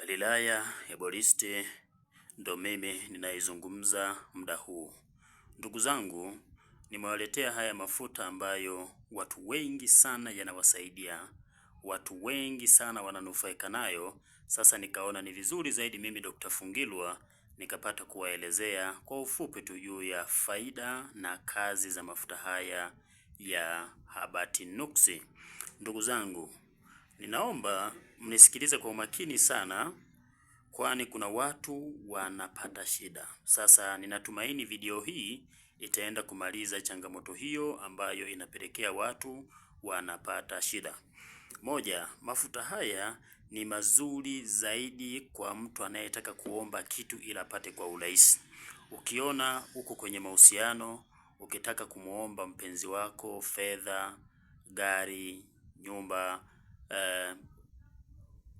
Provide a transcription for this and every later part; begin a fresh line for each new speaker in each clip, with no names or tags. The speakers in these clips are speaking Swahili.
Galilaya ya ndo mimi ninayezungumza muda huu. Ndugu zangu, nimewaletea haya mafuta ambayo watu wengi sana yanawasaidia, watu wengi sana wananufaika nayo. Sasa nikaona ni vizuri zaidi mimi Dr. Fungilwa nikapata kuwaelezea kwa ufupi tu juu ya faida na kazi za mafuta haya ya Habati Nuksi. Ndugu zangu, ninaomba mnisikilize kwa umakini sana, kwani kuna watu wanapata shida. Sasa ninatumaini video hii itaenda kumaliza changamoto hiyo ambayo inapelekea watu wanapata shida. Moja, mafuta haya ni mazuri zaidi kwa mtu anayetaka kuomba kitu ili apate kwa urahisi. Ukiona uko kwenye mahusiano, ukitaka kumwomba mpenzi wako fedha, gari, nyumba, eh,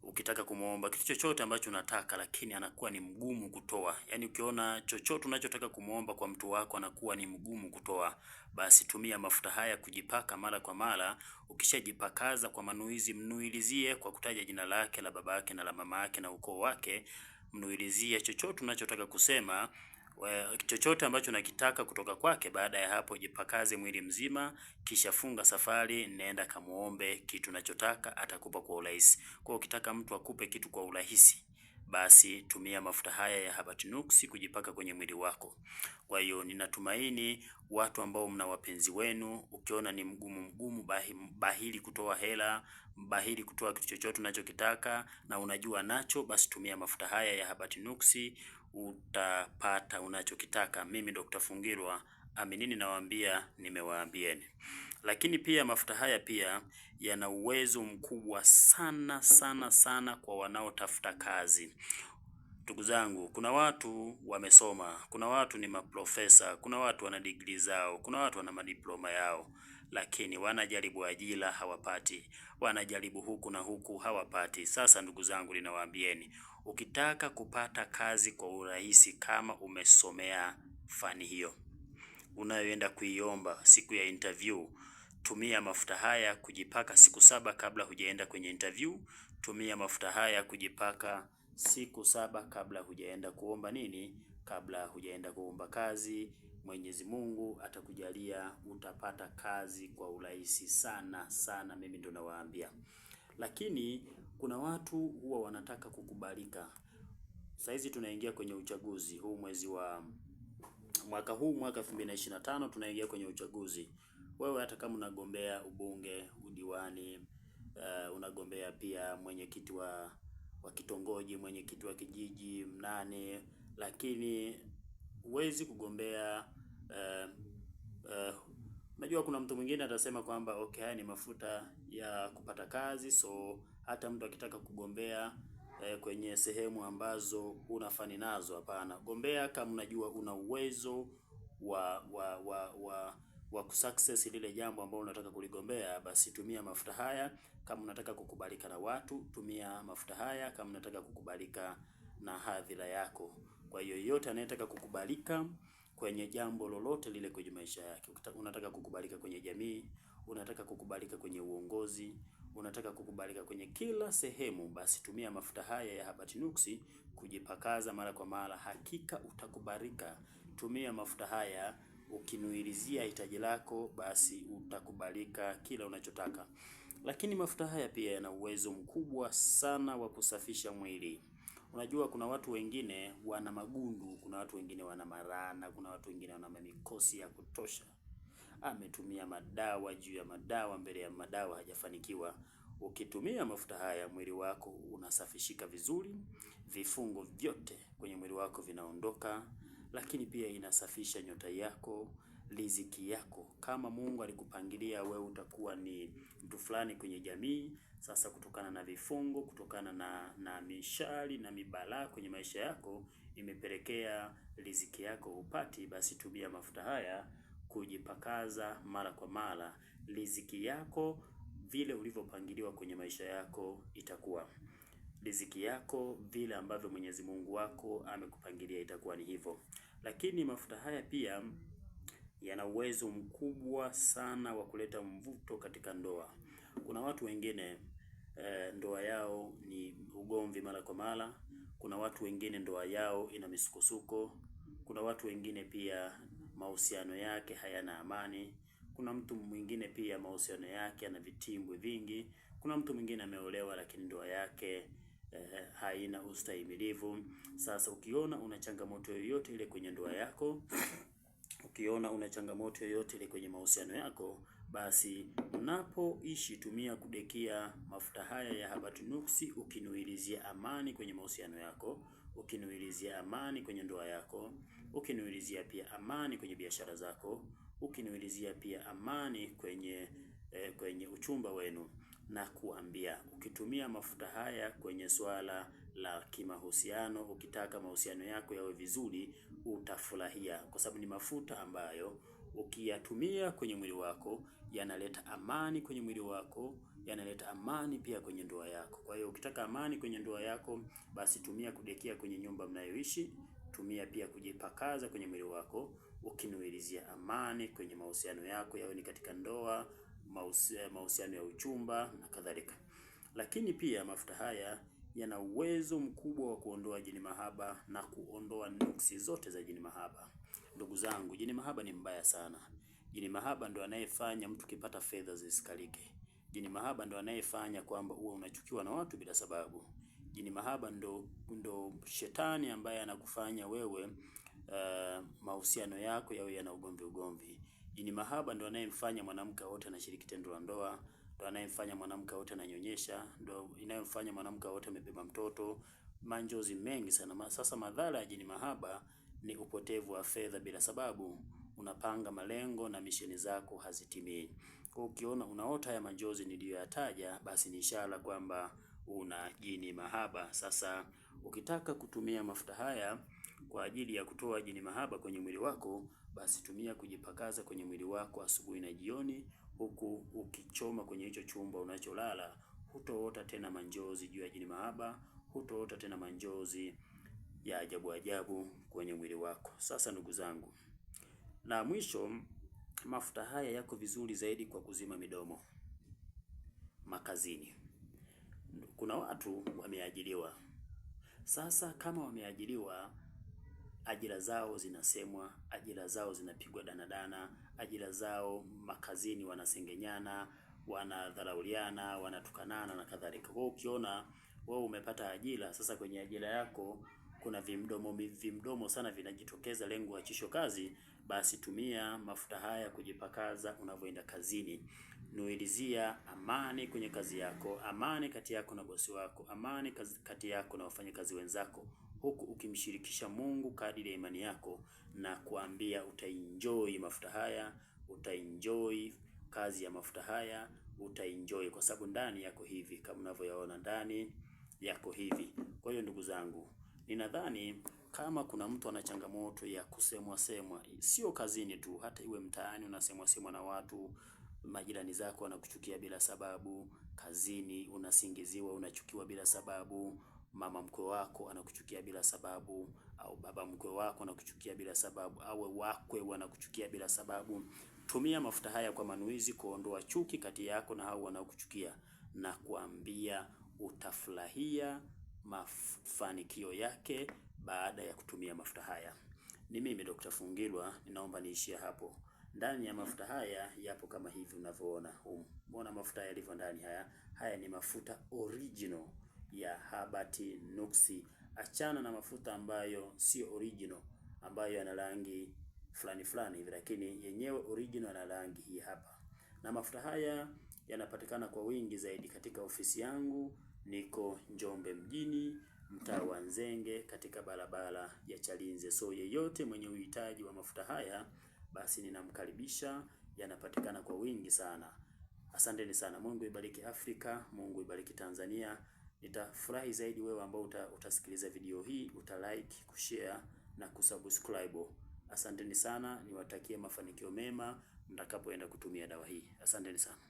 ukitaka kumwomba kitu chochote ambacho unataka, lakini anakuwa ni mgumu kutoa. Yani ukiona chochote unachotaka kumwomba kwa mtu wako anakuwa ni mgumu kutoa, basi tumia mafuta haya kujipaka mara kwa mara. Ukishajipakaza kwa manuizi, mnuilizie kwa kutaja jina lake, la babake na la mama yake na ukoo wake. Mnuilizie chochote unachotaka kusema chochote ambacho nakitaka kutoka kwake. Baada ya hapo, jipakaze mwili mzima, kisha funga safari, nenda kamuombe kitu nachotaka atakupa kwa urahisi. Kwa ukitaka mtu akupe kitu kwa urahisi, basi tumia mafuta haya ya Herbal kujipaka kwenye mwili wako. Kwa hiyo ninatumaini watu ambao mna wapenzi wenu, ukiona ni mgumu mgumu, bahili kutoa hela, bahili kutoa kitu chochote unachokitaka na unajua nacho, basi tumia mafuta haya ya Herbal utapata unachokitaka. Mimi Dr. Fungirwa, aminini nawaambia, nimewaambieni. Lakini pia mafuta haya pia yana uwezo mkubwa sana sana sana kwa wanaotafuta kazi. Ndugu zangu, kuna watu wamesoma, kuna watu ni maprofesa, kuna watu wana digri zao, kuna watu wana madiploma yao, lakini wanajaribu ajira hawapati, wanajaribu huku na huku hawapati. Sasa ndugu zangu, ninawaambieni, ukitaka kupata kazi kwa urahisi kama umesomea fani hiyo unayoenda kuiomba siku ya interview, tumia mafuta haya kujipaka siku saba kabla hujaenda kwenye interview. Tumia mafuta haya kujipaka siku saba kabla hujaenda kuomba nini, kabla hujaenda kuomba kazi. Mwenyezi Mungu atakujalia utapata kazi kwa urahisi sana sana, mimi ndo nawaambia. Lakini kuna watu huwa wanataka kukubalika. Saizi tunaingia kwenye uchaguzi huu mwezi wa mwaka huu mwaka 2025 tunaingia kwenye uchaguzi. Wewe hata kama unagombea ubunge, udiwani, uh, unagombea pia mwenyekiti wa wa kitongoji, mwenyekiti wa kijiji, mnane, lakini huwezi kugombea uh, uh, Najua kuna mtu mwingine atasema kwamba okay, haya ni mafuta ya kupata kazi, so hata mtu akitaka kugombea eh, kwenye sehemu ambazo una fani nazo, hapana. Gombea kama unajua una uwezo wa wa wa, wa wa kusucess lile jambo ambalo unataka kuligombea, basi tumia mafuta haya. Kama unataka kukubalika na watu, tumia mafuta haya. Kama unataka kukubalika na hadhira yako, kwa hiyo yote anayetaka kukubalika kwenye jambo lolote lile kwenye maisha yake, unataka kukubalika kwenye jamii, unataka kukubalika kwenye uongozi, unataka kukubalika kwenye kila sehemu, basi tumia mafuta haya ya Habati Nuksi kujipakaza mara kwa mara, hakika utakubalika. Tumia mafuta haya ukinuilizia hitaji lako, basi utakubalika kila unachotaka. Lakini mafuta haya pia yana uwezo mkubwa sana wa kusafisha mwili. Unajua, kuna watu wengine wana magundu, kuna watu wengine wana marana, kuna watu wengine wana mikosi ya kutosha, ametumia madawa juu ya madawa, mbele ya madawa, hajafanikiwa. Ukitumia mafuta haya, mwili wako unasafishika vizuri, vifungo vyote kwenye mwili wako vinaondoka, lakini pia inasafisha nyota yako, riziki yako. Kama Mungu alikupangilia we utakuwa ni mtu fulani kwenye jamii, sasa kutokana na vifungo, kutokana na na mishari na mibalaa kwenye maisha yako imepelekea riziki yako upati, basi tumia mafuta haya kujipakaza mara kwa mara, riziki yako vile ulivyopangiliwa kwenye maisha yako itakuwa riziki yako vile ambavyo Mwenyezi Mungu wako amekupangilia itakuwa ni hivyo. Lakini mafuta haya pia yana uwezo mkubwa sana wa kuleta mvuto katika ndoa. Kuna watu wengine e, ndoa yao ni ugomvi mara kwa mara. Kuna watu wengine ndoa yao ina misukosuko. Kuna watu wengine pia mahusiano yake hayana amani. Kuna mtu mwingine pia mahusiano yake ana vitimbwi vingi. Kuna mtu mwingine ameolewa lakini ndoa yake eh, haina ustahimilivu. Sasa ukiona una changamoto yoyote ile kwenye ndoa yako, ukiona una changamoto yoyote ile kwenye mahusiano yako, basi unapoishi tumia kudekia mafuta haya ya Habat ukinuilizia amani kwenye mahusiano yako, ukinuilizia amani kwenye ndoa yako, ukinuilizia pia amani kwenye biashara zako, ukinuilizia pia amani kwenye eh, kwenye uchumba wenu na kuambia. Ukitumia mafuta haya kwenye swala la kimahusiano, ukitaka mahusiano yako yawe vizuri, utafurahia kwa sababu ni mafuta ambayo ukiyatumia kwenye mwili wako yanaleta amani kwenye mwili wako, yanaleta amani pia kwenye ndoa yako. Kwa hiyo ukitaka amani kwenye ndoa yako, basi tumia kudekia kwenye nyumba mnayoishi, tumia pia kujipakaza kwenye mwili wako, ukinuilizia amani kwenye mahusiano yako, yawe ni katika ndoa mahusiano ya uchumba na kadhalika. Lakini pia mafuta haya yana uwezo mkubwa wa kuondoa jini mahaba na kuondoa nuksi zote za jini mahaba. Ndugu zangu, jini mahaba ni mbaya sana. Jini mahaba ndo anayefanya mtu kipata fedha zisikalike. Jini mahaba ndo anayefanya kwamba uwe unachukiwa na watu bila sababu. Jini mahaba ndo, ndo shetani ambaye anakufanya wewe uh, mahusiano yako yawe yana ugomvi ugomvi. Jini mahaba ndo anayemfanya mwanamke wote anashiriki tendo la ndoa, ndo anayemfanya mwanamke wote ananyonyesha, ndo inayomfanya mwanamke wote amebeba mtoto, manjozi mengi sana. Sasa madhara ya jini mahaba ni upotevu wa fedha bila sababu. Unapanga malengo na misheni zako hazitimii. Kwa ukiona unaota haya majozi niliyoyataja, basi ni ishara kwamba una jini mahaba. Sasa ukitaka kutumia mafuta haya kwa ajili ya kutoa jini mahaba kwenye mwili wako, basi tumia kujipakaza kwenye mwili wako asubuhi na jioni, huku ukichoma kwenye hicho chumba unacholala. Hutoota tena manjozi juu ya jini mahaba, hutoota tena manjozi ya ajabu ajabu kwenye mwili wako. Sasa ndugu zangu, na mwisho, mafuta haya yako vizuri zaidi kwa kuzima midomo makazini. Kuna watu wameajiriwa. Sasa kama wameajiriwa ajira zao zinasemwa, ajira zao zinapigwa danadana, ajira zao makazini wanasengenyana, wanadharauliana, wanatukanana na kadhalika. Kwa ukiona wewe umepata ajira sasa, kwenye ajira yako kuna vimdomo vimdomo sana vinajitokeza, lengo achisho kazi, basi tumia mafuta haya kujipakaza unavyoenda kazini. Nuilizia amani kwenye kazi yako, amani kati yako na bosi wako, amani kati yako na wafanyakazi wenzako huku ukimshirikisha Mungu kadiri ya imani yako, na kuambia utaenjoy mafuta haya, utaenjoy kazi ya mafuta haya, utaenjoy kwa sababu ndani yako hivi, kama unavyoyaona ndani yako hivi. Kwa hiyo ndugu zangu, ninadhani kama kuna mtu ana changamoto ya kusemwa semwa, sio kazini tu, hata iwe mtaani unasemwa semwa na watu, majirani zako wanakuchukia bila sababu, kazini unasingiziwa, unachukiwa bila sababu mama mkwe wako anakuchukia bila sababu, au baba mkwe wako anakuchukia bila sababu, au wakwe wanakuchukia bila sababu. Tumia mafuta haya kwa manuizi kuondoa chuki kati yako na hao wanaokuchukia, na kuambia utafurahia mafanikio yake baada ya kutumia mafuta haya. Ni mimi Dr. Fungilwa, ninaomba niishie hapo. Ndani ya mafuta haya yapo kama hivi unavyoona. umeona mafuta yalivyo ndani haya? Haya ni mafuta original ya Herbert Nux. Achana na mafuta ambayo sio original, ambayo yana rangi fulani fulani hivi, lakini yenyewe original na rangi hii hapa. Na mafuta haya yanapatikana kwa wingi zaidi katika ofisi yangu, niko Njombe mjini, mtaa wa Nzenge, katika barabara ya Chalinze. So yeyote mwenye uhitaji wa mafuta haya, basi ninamkaribisha, yanapatikana kwa wingi sana. Asanteni sana. Mungu ibariki Afrika, Mungu ibariki Tanzania. Nitafurahi zaidi wewe ambao uta, utasikiliza video hii, uta like kushare na kusubscribe. Asanteni sana, niwatakie mafanikio mema mtakapoenda kutumia dawa hii. Asanteni sana.